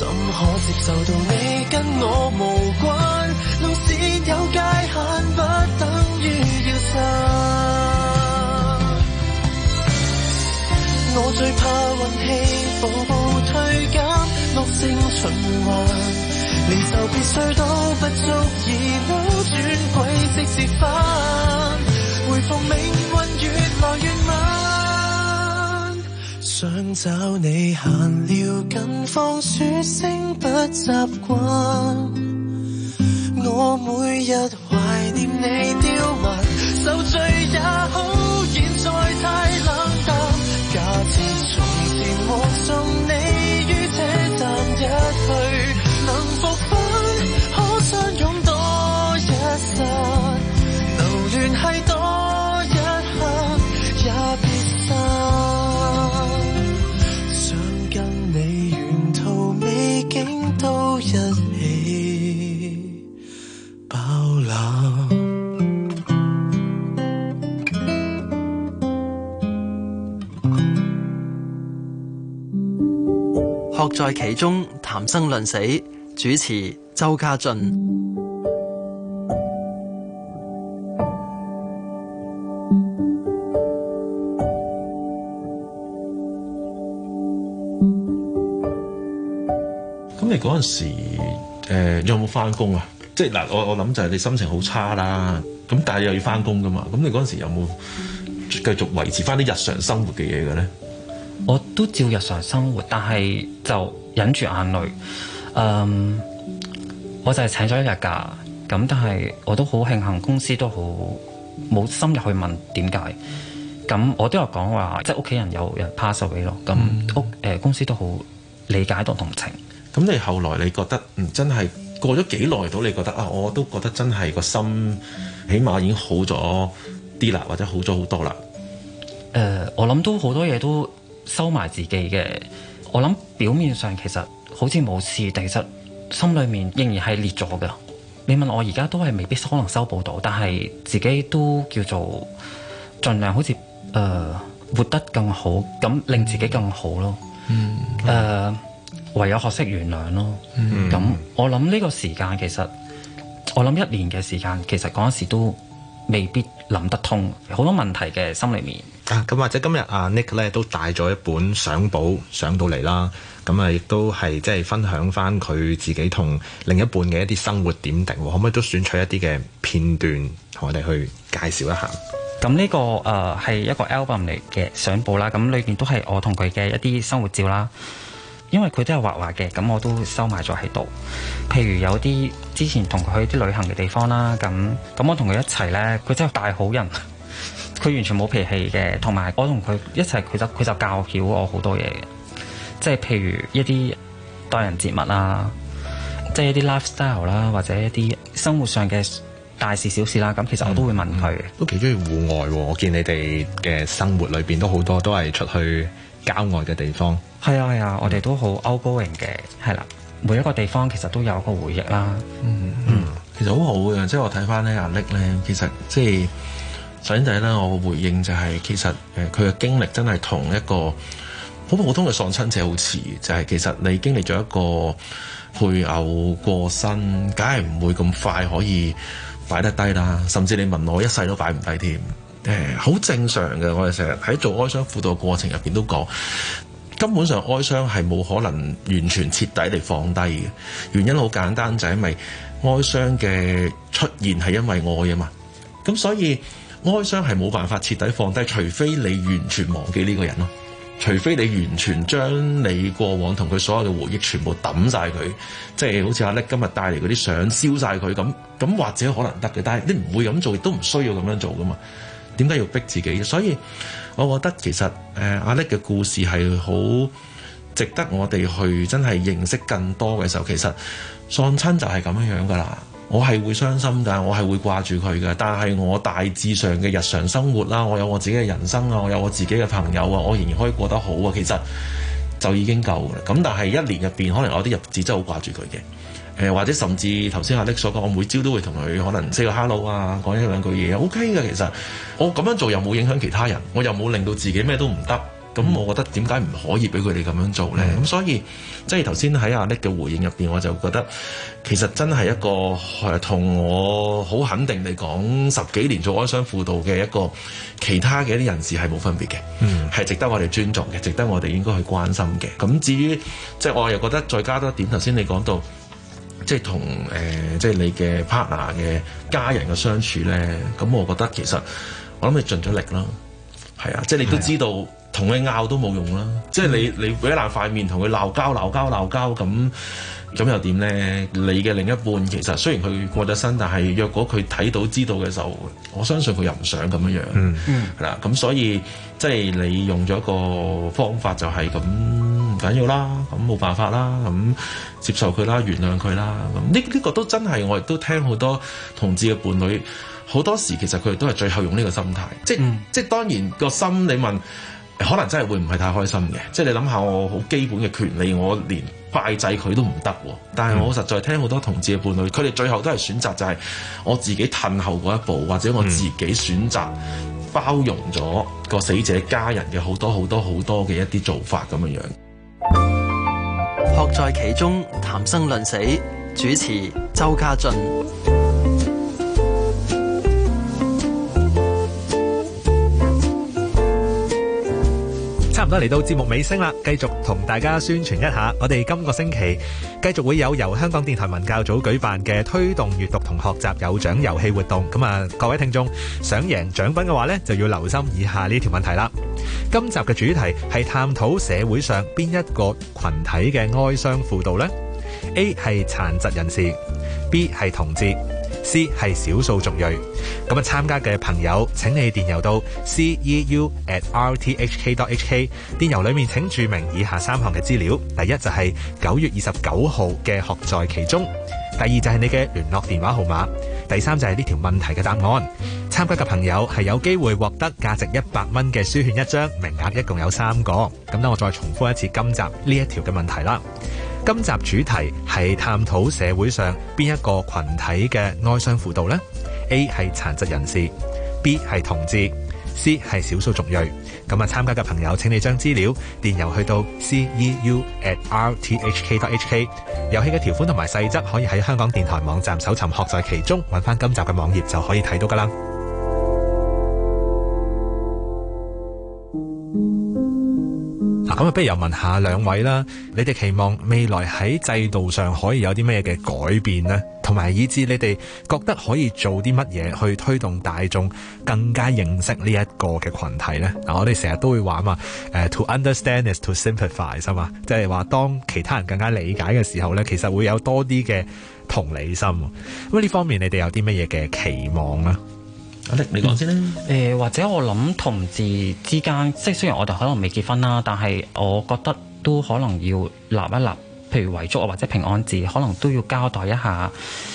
怎可接受到你跟我無關？路線有界限，不等於要散。我最怕運氣步步退減，惡性循環，離愁別緒都不足以扭轉。軌跡折返，回復命運越來越慢。想找你閒聊近況，說聲不習慣。我每日懷念你刁蠻受罪也好，現在太冷淡。假設從前我送你於車站。學在其中，談生論死。主持周家俊。咁你嗰陣時，誒、呃、有冇返工啊？即係嗱、呃，我我諗就係你心情好差啦。咁但係又要返工㗎嘛。咁你嗰陣時有冇繼續維持返啲日常生活嘅嘢嘅咧？我都照日常生活，但係就忍住眼淚。嗯，我就係請咗一日假。咁但係我都好慶幸公司都好冇深入去問點解。咁、嗯、我都有講話，即係屋企人有人 pass away 咯、嗯。咁屋誒公司都好理解同同情。咁你、嗯、後來你覺得嗯真係過咗幾耐到你覺得啊，我都覺得真係個心起碼已經好咗啲啦，或者好咗好多啦。誒、呃，我諗都好多嘢都。收埋自己嘅，我諗表面上其實好似冇事，其實心裏面仍然係裂咗噶。你問我而家都係未必可能修補到，但係自己都叫做盡量好似，誒、呃、活得更好，咁令自己更好咯。誒唯有學識原諒咯。咁、嗯、我諗呢個時間其實我諗一年嘅時間，其實嗰時都未必諗得通好多問題嘅心裏面。啊！咁或者今日阿 Nick 咧都帶咗一本相簿上到嚟啦，咁啊亦都係即係分享翻佢自己同另一半嘅一啲生活點滴，可唔可以都選取一啲嘅片段同我哋去介紹一下？咁呢個誒係一個 album 嚟嘅相簿啦，咁裏邊都係我同佢嘅一啲生活照啦，因為佢都係畫畫嘅，咁我都收埋咗喺度。譬如有啲之前同佢去啲旅行嘅地方啦，咁咁我同佢一齊咧，佢真係大好人。佢完全冇脾氣嘅，同埋我同佢一齊，佢就佢就教曉我好多嘢嘅，即係譬如一啲待人接物啦，即係一啲 lifestyle 啦，或者一啲生活上嘅大事小事啦，咁其實我都會問佢、嗯嗯。都幾中意戶外喎，我見你哋嘅生活裏邊都好多都係出去郊外嘅地方。係啊係啊，我哋都好 outgoing 嘅，係啦，每一個地方其實都有一個回憶啦。嗯嗯，其實好好嘅，即係我睇翻咧阿 Nick 咧，其實即係。首先第一我嘅回應就係、是、其實誒佢嘅經歷真係同一個好普通嘅喪親者好似，就係、是、其實你經歷咗一個配偶過身，梗係唔會咁快可以擺得低啦。甚至你問我一世都擺唔低添，誒、欸、好正常嘅。我哋成日喺做哀傷輔導過程入邊都講，根本上哀傷係冇可能完全徹底嚟放低嘅。原因好簡單就係因為哀傷嘅出現係因為愛啊嘛，咁所以。哀傷係冇辦法徹底放低，除非你完全忘記呢個人咯，除非你完全將你過往同佢所有嘅回憶全部抌晒佢，即係好似阿 Nick 今日帶嚟嗰啲相燒晒佢咁，咁或者可能得嘅。但係你唔會咁做，亦都唔需要咁樣做㗎嘛。點解要逼自己？所以我覺得其實誒、呃、阿 Nick 嘅故事係好值得我哋去真係認識更多嘅時候，其實喪親就係咁樣樣㗎啦。我係會傷心㗎，我係會掛住佢嘅。但係我大致上嘅日常生活啦，我有我自己嘅人生啊，我有我自己嘅朋友啊，我仍然可以過得好啊，其實就已經夠㗎啦。咁但係一年入邊，可能我啲日子真係好掛住佢嘅。誒、呃，或者甚至頭先阿 Nick 所講，我每朝都會同佢可能 say 個 hello 啊，講一兩句嘢，O K 㗎。其實我咁樣做又冇影響其他人，我又冇令到自己咩都唔得。咁、嗯、我覺得點解唔可以俾佢哋咁樣做咧？咁、嗯、所以即係頭先喺阿 Nick 嘅回應入邊，我就覺得其實真係一個係同我好肯定嚟講，你十幾年做哀傷輔導嘅一個其他嘅一啲人士係冇分別嘅，係、嗯、值得我哋尊重嘅，值得我哋應該去關心嘅。咁至於即係、就是、我又覺得再加多一點，頭先你講到即係同誒即係你嘅 partner 嘅家人嘅相處咧，咁我覺得其實我諗你盡咗力啦，係啊，即、就、係、是、你都知道。同你拗都冇用啦，即係你你俾爛塊面，同佢鬧交鬧交鬧交，咁咁又點咧？你嘅另一半其實雖然佢過咗身，但係若果佢睇到知道嘅時候，我相信佢又唔想咁樣樣。嗯嗯，嗱，咁所以即係你用咗個方法就係咁唔緊要啦，咁冇辦法啦，咁接受佢啦，原諒佢啦。咁呢呢個都真係我亦都聽好多同志嘅伴侶，好多時其實佢哋都係最後用呢個心態，嗯、即即當然個心你問。可能真係會唔係太開心嘅。即係你諗下，我好基本嘅權利，我連拜祭佢都唔得，但係我實在聽好多同志嘅伴侶，佢哋最後都係選擇就係我自己褪後嗰一步，或者我自己選擇包容咗個死者家人嘅好多好多好多嘅一啲做法咁嘅樣。學在其中，談生論死，主持周家俊。差唔多嚟到節目尾聲啦，繼續同大家宣傳一下，我哋今個星期繼續會有由香港電台文教組舉辦嘅推動閱讀同學習有獎遊戲活動。咁啊，各位聽眾想贏獎品嘅話咧，就要留心以下呢條問題啦。今集嘅主題係探討社會上邊一個群體嘅哀傷輔導呢？A 係殘疾人士，B 係同志。C 係少數族裔。咁啊參加嘅朋友請你電郵到 c e u at r t h k dot h k 電郵裏面請註明以下三項嘅資料，第一就係九月二十九號嘅學在其中，第二就係你嘅聯絡電話號碼，第三就係呢條問題嘅答案。參加嘅朋友係有機會獲得價值一百蚊嘅書券一張，名額一共有三個。咁等我再重複一次今集呢一條嘅問題啦。今集主題係探討社會上邊一個群體嘅哀傷輔導呢 A 係殘疾人士，B 係同志，C 係少數族裔。咁啊，參加嘅朋友，請你將資料電郵去到 c e u at r t h k dot h k。遊戲嘅條款同埋細則可以喺香港電台網站搜尋，學在其中，揾翻今集嘅網頁就可以睇到噶啦。咁啊，不如又問下兩位啦。你哋期望未來喺制度上可以有啲咩嘅改變呢？同埋以至你哋覺得可以做啲乜嘢去推動大眾更加認識呢一個嘅群體呢？嗱、嗯，我哋成日都會話嘛，誒、uh，to understand is to sympathize，係嘛？即係話當其他人更加理解嘅時候呢，其實會有多啲嘅同理心。咁啊，呢方面你哋有啲咩嘢嘅期望呢？你講先啦。誒、嗯呃，或者我諗同志之間，即係雖然我哋可能未結婚啦，但係我覺得都可能要立一立，譬如遺囑啊，或者平安紙，可能都要交代一下，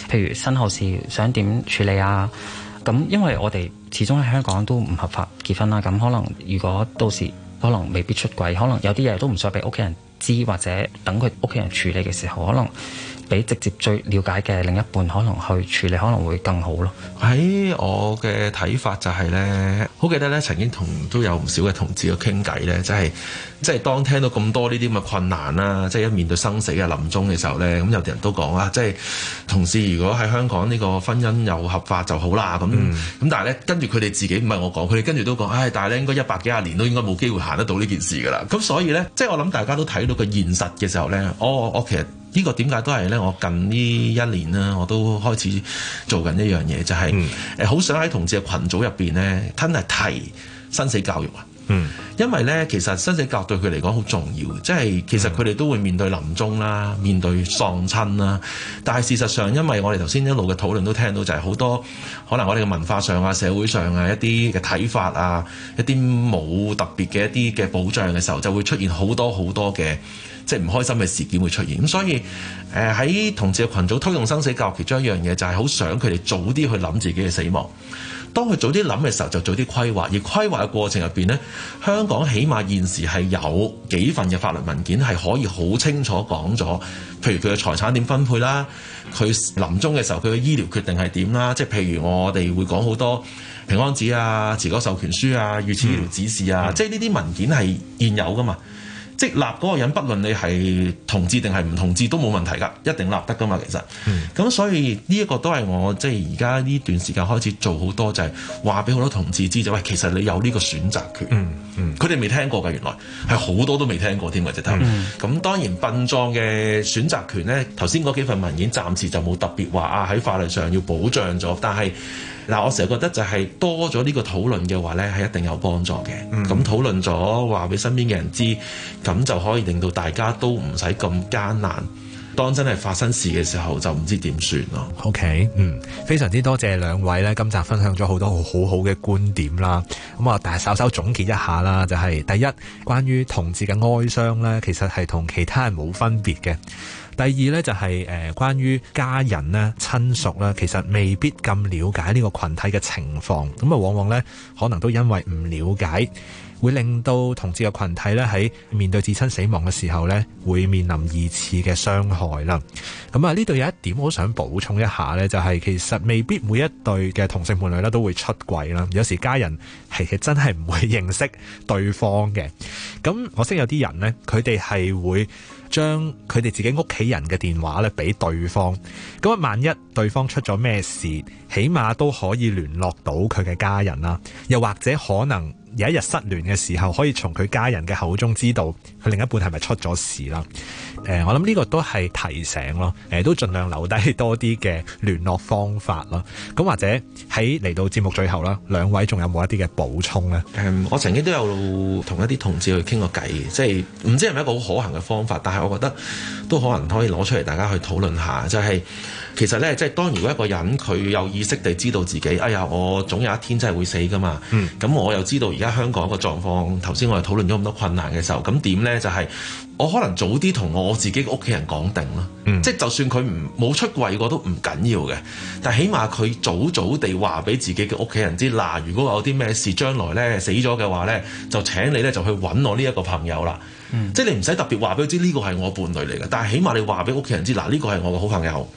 譬如身後事想點處理啊。咁因為我哋始終喺香港都唔合法結婚啦，咁可能如果到時可能未必出櫃，可能有啲嘢都唔想俾屋企人知，或者等佢屋企人處理嘅時候，可能。俾直接最了解嘅另一半可能去處理可能會更好咯。喺、哎、我嘅睇法就係、是、呢，好記得呢曾經同都有唔少嘅同志去傾偈呢，即係即係當聽到咁多呢啲咁嘅困難啦，即、就、係、是、一面對生死啊、臨終嘅時候呢。咁有啲人都講啊，即係同志如果喺香港呢個婚姻又合法就好啦，咁咁、嗯、但係呢，跟住佢哋自己唔係我講，佢哋跟住都講，唉、哎，但係呢應該一百幾廿年都應該冇機會行得到呢件事㗎啦。咁所以呢，即、就、係、是、我諗大家都睇到個現實嘅時候呢，哦，我其實。個呢個點解都係咧？我近呢一年啦、啊，我都開始做緊一樣嘢，就係誒好想喺同志嘅群組入邊咧，吞嚟提生死教育啊！嗯，因為咧其實生死教育對佢嚟講好重要，即係其實佢哋都會面對臨終啦，面對喪親啦。但係事實上，因為我哋頭先一路嘅討論都聽到，就係好多。可能我哋嘅文化上啊、社會上啊一啲嘅睇法啊，一啲冇特別嘅一啲嘅保障嘅時候，就會出現好多好多嘅即係唔開心嘅事件會出現，咁所以誒喺、呃、同志嘅群組推動生死教育其中一樣嘢，就係好想佢哋早啲去諗自己嘅死亡。當佢早啲諗嘅時候，就早啲規劃，而規劃嘅過程入邊咧，香港起碼現時係有幾份嘅法律文件係可以好清楚講咗，譬如佢嘅財產點分配啦，佢臨終嘅時候佢嘅醫療決定係點啦。即係譬如我。我哋會講好多平安紙啊、持久授權書啊、預設醫療指示啊，嗯、即係呢啲文件係現有㗎嘛。即立嗰個人，不論你係同志定係唔同志都冇問題噶，一定立得噶嘛。其實，咁、嗯、所以呢一、呢個都係我即係而家呢段時間開始做好多，就係話俾好多同志知就喂，其實你有呢個選擇權。佢哋未聽過㗎，原來係好多都未聽過添㗎，只頭、嗯。咁當然殯葬嘅選擇權呢，頭先嗰幾份文件暫時就冇特別話啊喺法律上要保障咗，但係。嗱，我成日覺得就係多咗呢個討論嘅話呢係一定有幫助嘅。咁、mm hmm. 討論咗話俾身邊嘅人知，咁就可以令到大家都唔使咁艱難。當真係發生事嘅時候，就唔知點算咯。OK，嗯，非常之多謝兩位呢。今集分享咗好多好好嘅觀點啦。咁啊，但係稍稍總結一下啦，就係、是、第一，關於同志嘅哀傷呢，其實係同其他人冇分別嘅。第二咧，就係誒關於家人咧、親屬咧，其實未必咁了解呢個群體嘅情況，咁啊往往咧可能都因為唔了解。會令到同志嘅群體咧喺面對自身死亡嘅時候咧，會面臨二次嘅傷害啦。咁啊，呢度有一點我想補充一下咧，就係、是、其實未必每一對嘅同性伴侶咧都會出櫃啦。有時家人係其實真係唔會認識對方嘅。咁我識有啲人呢，佢哋係會將佢哋自己屋企人嘅電話咧俾對方。咁啊，萬一對方出咗咩事，起碼都可以聯絡到佢嘅家人啦。又或者可能。有一日失聯嘅時候，可以從佢家人嘅口中知道佢另一半係咪出咗事啦。誒、呃，我諗呢個都係提醒咯。誒、呃，都盡量留低多啲嘅聯絡方法咯。咁、嗯、或者喺嚟到節目最後啦，兩位仲有冇一啲嘅補充呢？誒、嗯，我曾經都有同一啲同志去傾過偈，即係唔知係咪一個好可行嘅方法，但係我覺得都可能可以攞出嚟大家去討論下，就係、是。其實咧，即係當如果一個人佢有意識地知道自己，哎呀，我總有一天真係會死噶嘛。咁、嗯、我又知道而家香港個狀況，頭先我哋討論咗咁多困難嘅時候，咁點咧就係、是、我可能早啲同我自己嘅屋企人講定咯。嗯、即就算佢唔冇出櫃過都唔緊要嘅，但起碼佢早早地話俾自己嘅屋企人知，嗱、啊，如果有啲咩事，將來咧死咗嘅話咧，就請你咧就去揾我呢一個朋友啦。嗯、即係你唔使特別話俾佢知呢個係我伴侶嚟嘅，但係起碼你話俾屋企人知，嗱、啊，呢個係我嘅好朋友。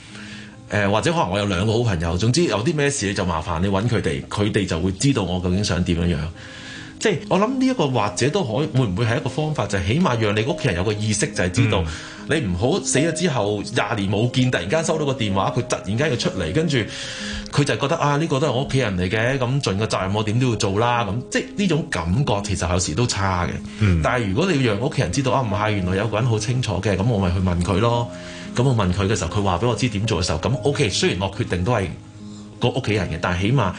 誒、呃、或者可能我有兩個好朋友，總之有啲咩事你就麻煩你揾佢哋，佢哋就會知道我究竟想點樣樣。即係我諗呢一個或者都可以，會唔會係一個方法？就係、起碼讓你屋企人有個意識，就係、係、知道、嗯、你唔好死咗之後廿年冇見，突然間收到個電話，佢突然間要出嚟，跟住佢就覺得啊呢、呢個都係我屋企人嚟嘅，咁盡個責任我點都要做啦。咁即係呢種感覺其實有時都差嘅。嗯、但係如果你要讓屋企人知道啊，唔係原來有個人好清楚嘅，咁我咪去問佢咯。咁我問佢嘅時候，佢話俾我知點做嘅時候，咁 OK。雖然我決定都係個屋企人嘅，但係起碼，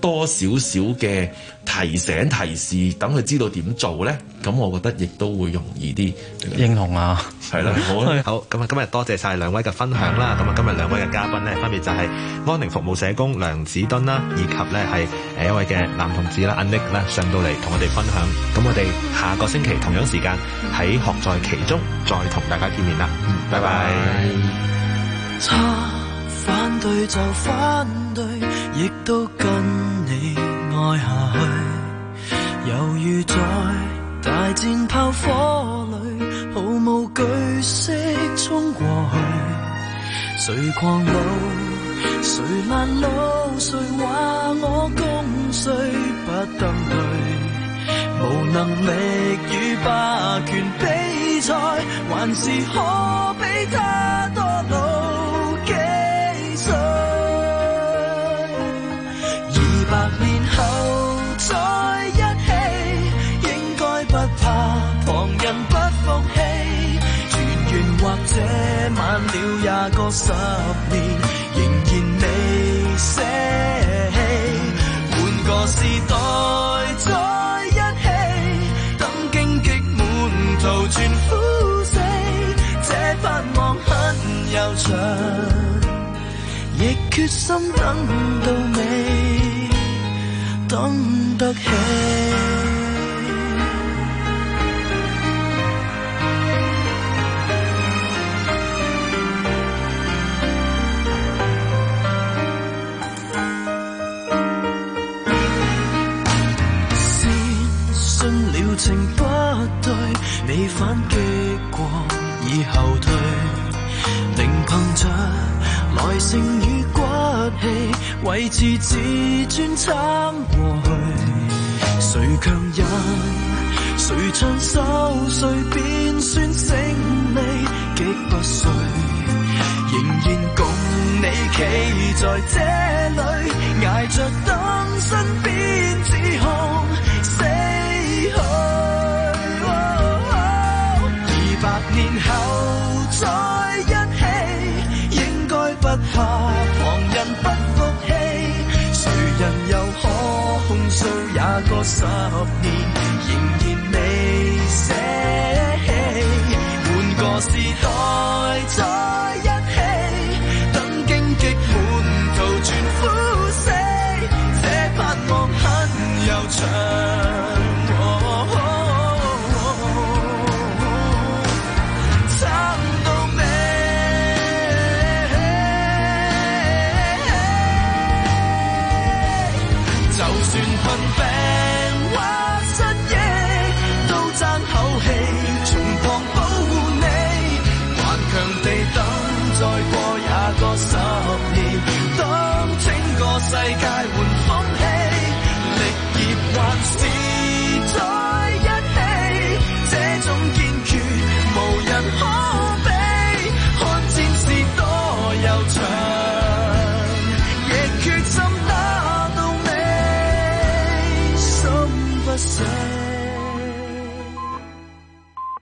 多少少嘅提醒提示，等佢知道點做呢，咁我覺得亦都會容易啲。英雄啊，係啦，好，啦。好，咁啊，今日多謝晒兩位嘅分享啦。咁啊，今日兩位嘅嘉賓呢，分別就係安寧服務社工梁梓敦啦，以及呢係誒一位嘅男同志啦，阿 Nick 啦，上到嚟同我哋分享。咁我哋下個星期同樣時間喺學在其中，再同大家見面啦。嗯，拜拜。亦都跟你愛下去，猶如在大戰炮火裏，毫無懼色衝過去。誰狂怒？誰攔路？誰話我共誰不登對？無能力與霸權比賽，還是可比他多老幾歲？這晚了廿個十年，仍然未捨棄。換個時代在一起，等荊棘滿途全枯死，這盼望很悠長，亦決心等到你等得起。對你反擊過，已後退，仍憑着耐性與骨氣維持自尊撐過去。誰強忍，誰搶手，誰便算勝利。極不衰，仍然共你企在這裏，捱着等身邊指控。百年後再一起，應該不怕旁人不服氣。誰人又可控訴也過十年，仍然未捨棄。換個時代。